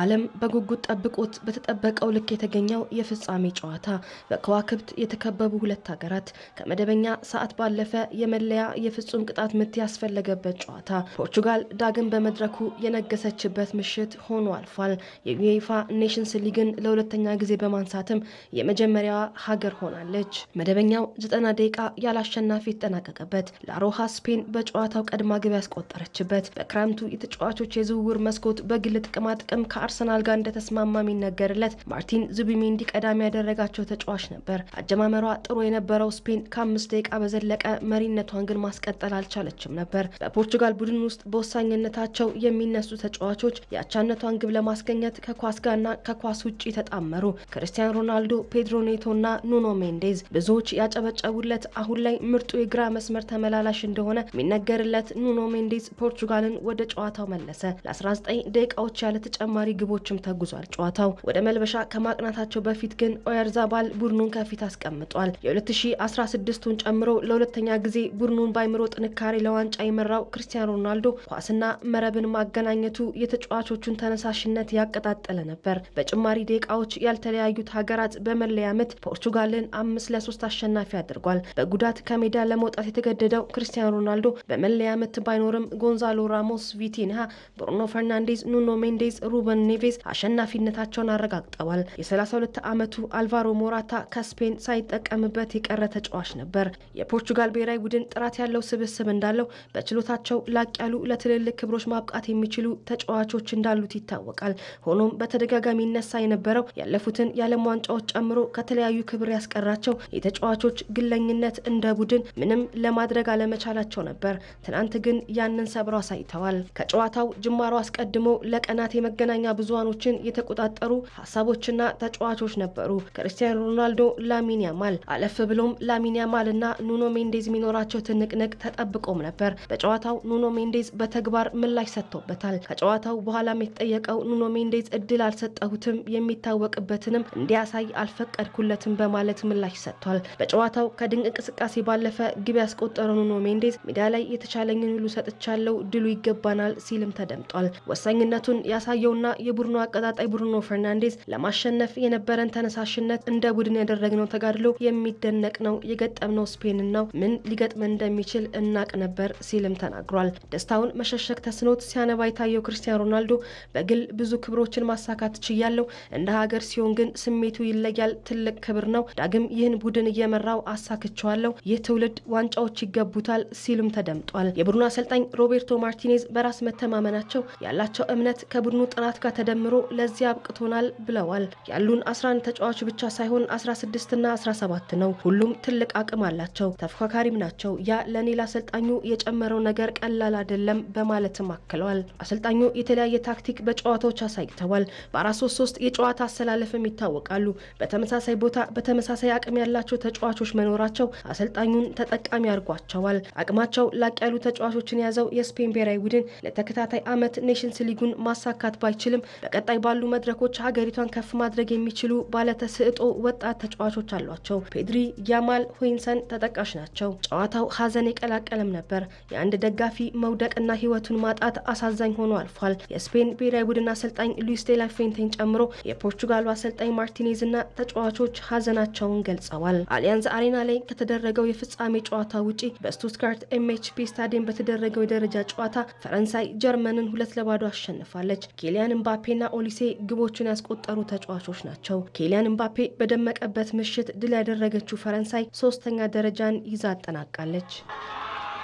ዓለም በጉጉት ጠብቆት በተጠበቀው ልክ የተገኘው የፍጻሜ ጨዋታ በከዋክብት የተከበቡ ሁለት ሀገራት ከመደበኛ ሰዓት ባለፈ የመለያ የፍጹም ቅጣት ምት ያስፈለገበት ጨዋታ ፖርቹጋል ዳግም በመድረኩ የነገሰችበት ምሽት ሆኖ አልፏል። የዩኤፋ ኔሽንስ ሊግን ለሁለተኛ ጊዜ በማንሳትም የመጀመሪያዋ ሀገር ሆናለች። መደበኛው ዘጠና ደቂቃ ያላሸናፊ አሸናፊ የተጠናቀቀበት ላሮሃ ስፔን በጨዋታው ቀድማ ግብ ያስቆጠረችበት በክረምቱ የተጫዋቾች የዝውውር መስኮት በግል ጥቅማ ጥቅም ከ ከአርሰናል ጋር እንደተስማማ የሚነገርለት ማርቲን ዙቢሜንዲ ቀዳሚ ያደረጋቸው ተጫዋች ነበር። አጀማመሯ ጥሩ የነበረው ስፔን ከአምስት ደቂቃ በዘለቀ መሪነቷን ግን ማስቀጠል አልቻለችም ነበር። በፖርቹጋል ቡድን ውስጥ በወሳኝነታቸው የሚነሱ ተጫዋቾች የአቻነቷን ግብ ለማስገኘት ከኳስ ጋርና ከኳስ ውጭ ተጣመሩ። ክርስቲያን ሮናልዶ፣ ፔድሮ ኔቶና ኑኖ ሜንዴዝ ብዙዎች ያጨበጨቡለት አሁን ላይ ምርጡ የግራ መስመር ተመላላሽ እንደሆነ የሚነገርለት ኑኖ ሜንዴዝ ፖርቹጋልን ወደ ጨዋታው መለሰ። ለ19 ደቂቃዎች ያለ ተጨማሪ ተጨማሪ ግቦችም ተጉዟል። ጨዋታው ወደ መልበሻ ከማቅናታቸው በፊት ግን ኦያርዛባል ቡድኑን ከፊት አስቀምጧል። የ2016ቱን ጨምሮ ለሁለተኛ ጊዜ ቡድኑን ባይምሮ ጥንካሬ ለዋንጫ የመራው ክርስቲያኖ ሮናልዶ ኳስና መረብን ማገናኘቱ የተጫዋቾቹን ተነሳሽነት ያቀጣጠለ ነበር። በጭማሪ ደቂቃዎች ያልተለያዩት ሀገራት በመለያ ምት ፖርቱጋልን አምስት ለሶስት አሸናፊ አድርጓል። በጉዳት ከሜዳ ለመውጣት የተገደደው ክርስቲያኖ ሮናልዶ በመለያ ምት ባይኖርም ጎንዛሎ ራሞስ፣ ቪቲንሃ፣ ብሩኖ ፈርናንዴዝ፣ ኑኖ ሜንዴዝ፣ ሩበን ዳርዊን ኔቬዝ አሸናፊነታቸውን አረጋግጠዋል። የ32 ዓመቱ አልቫሮ ሞራታ ከስፔን ሳይጠቀምበት የቀረ ተጫዋች ነበር። የፖርቹጋል ብሔራዊ ቡድን ጥራት ያለው ስብስብ እንዳለው በችሎታቸው ላቅ ያሉ ለትልልቅ ክብሮች ማብቃት የሚችሉ ተጫዋቾች እንዳሉት ይታወቃል። ሆኖም በተደጋጋሚ ይነሳ የነበረው ያለፉትን የዓለም ዋንጫዎች ጨምሮ ከተለያዩ ክብር ያስቀራቸው የተጫዋቾች ግለኝነት እንደ ቡድን ምንም ለማድረግ አለመቻላቸው ነበር። ትናንት ግን ያንን ሰብረው አሳይተዋል። ከጨዋታው ጅማሮ አስቀድሞ ለቀናት የመገናኛ ብዙሃኖችን የተቆጣጠሩ ሀሳቦችና ተጫዋቾች ነበሩ። ክርስቲያኖ ሮናልዶ፣ ላሚን ያማል አለፍ ብሎም ላሚን ያማልና ኑኖ ሜንዴዝ የሚኖራቸው ትንቅንቅ ተጠብቆም ነበር። በጨዋታው ኑኖ ሜንዴዝ በተግባር ምላሽ ሰጥቶበታል። ከጨዋታው በኋላም የተጠየቀው ኑኖ ሜንዴዝ እድል አልሰጠሁትም የሚታወቅበትንም እንዲያሳይ አልፈቀድኩለትም በማለት ምላሽ ሰጥቷል። በጨዋታው ከድንቅ እንቅስቃሴ ባለፈ ግብ ያስቆጠረው ኑኖ ሜንዴዝ ሜዳ ላይ የተቻለኝን ሁሉ ሰጥቻለው፣ ድሉ ይገባናል ሲልም ተደምጧል። ወሳኝነቱን ያሳየውና የቡድኑ አቀጣጣይ ብሩኖ ፈርናንዴዝ ለማሸነፍ የነበረን ተነሳሽነት እንደ ቡድን ያደረግነው ተጋድሎ የሚደነቅ ነው። የገጠምነው ስፔንን ነው። ምን ሊገጥም እንደሚችል እናቅ ነበር ሲልም ተናግሯል። ደስታውን መሸሸግ ተስኖት ሲያነባ የታየው ክርስቲያኖ ሮናልዶ በግል ብዙ ክብሮችን ማሳካት ችያለው፣ እንደ ሀገር ሲሆን ግን ስሜቱ ይለያል። ትልቅ ክብር ነው። ዳግም ይህን ቡድን እየመራው አሳክቸዋለሁ። ይህ ትውልድ ዋንጫዎች ይገቡታል ሲሉም ተደምጧል። የቡድኑ አሰልጣኝ ሮቤርቶ ማርቲኔዝ በራስ መተማመናቸው ያላቸው እምነት ከቡድኑ ጥናት ። ጋር ጋር ተደምሮ ለዚያ አብቅቶናል ብለዋል። ያሉን 11 ተጫዋች ብቻ ሳይሆን 16ና 17 ነው። ሁሉም ትልቅ አቅም አላቸው፣ ተፎካካሪም ናቸው። ያ ለእኔ ለአሰልጣኙ የጨመረው ነገር ቀላል አይደለም በማለትም አክለዋል። አሰልጣኙ የተለያየ ታክቲክ በጨዋታዎች አሳይተዋል። በ433 የጨዋታ አሰላለፍም ይታወቃሉ። በተመሳሳይ ቦታ በተመሳሳይ አቅም ያላቸው ተጫዋቾች መኖራቸው አሰልጣኙን ተጠቃሚ አድርጓቸዋል። አቅማቸው ላቅ ያሉ ተጫዋቾችን የያዘው የስፔን ብሔራዊ ቡድን ለተከታታይ ዓመት ኔሽንስ ሊጉን ማሳካት ባይችልም ቢሆንም በቀጣይ ባሉ መድረኮች ሀገሪቷን ከፍ ማድረግ የሚችሉ ባለተሰጥኦ ወጣት ተጫዋቾች አሏቸው። ፔድሪ፣ ያማል፣ ሆይንሰን ተጠቃሽ ናቸው። ጨዋታው ሀዘን የቀላቀለም ነበር። የአንድ ደጋፊ መውደቅና ሕይወቱን ማጣት አሳዛኝ ሆኖ አልፏል። የስፔን ብሔራዊ ቡድን አሰልጣኝ ሉዊስ ዴላ ፌንቴን ጨምሮ የፖርቹጋሉ አሰልጣኝ ማርቲኔዝ እና ተጫዋቾች ሀዘናቸውን ገልጸዋል። አሊያንዝ አሬና ላይ ከተደረገው የፍጻሜ ጨዋታ ውጪ በስቱትጋርት ኤምኤችፒ ስታዲየም በተደረገው የደረጃ ጨዋታ ፈረንሳይ ጀርመንን ሁለት ለባዶ አሸንፋለች። ኪሊያን እምባፔና ኦሊሴ ግቦችን ያስቆጠሩ ተጫዋቾች ናቸው። ኬሊያን እምባፔ በደመቀበት ምሽት ድል ያደረገችው ፈረንሳይ ሶስተኛ ደረጃን ይዛ አጠናቃለች።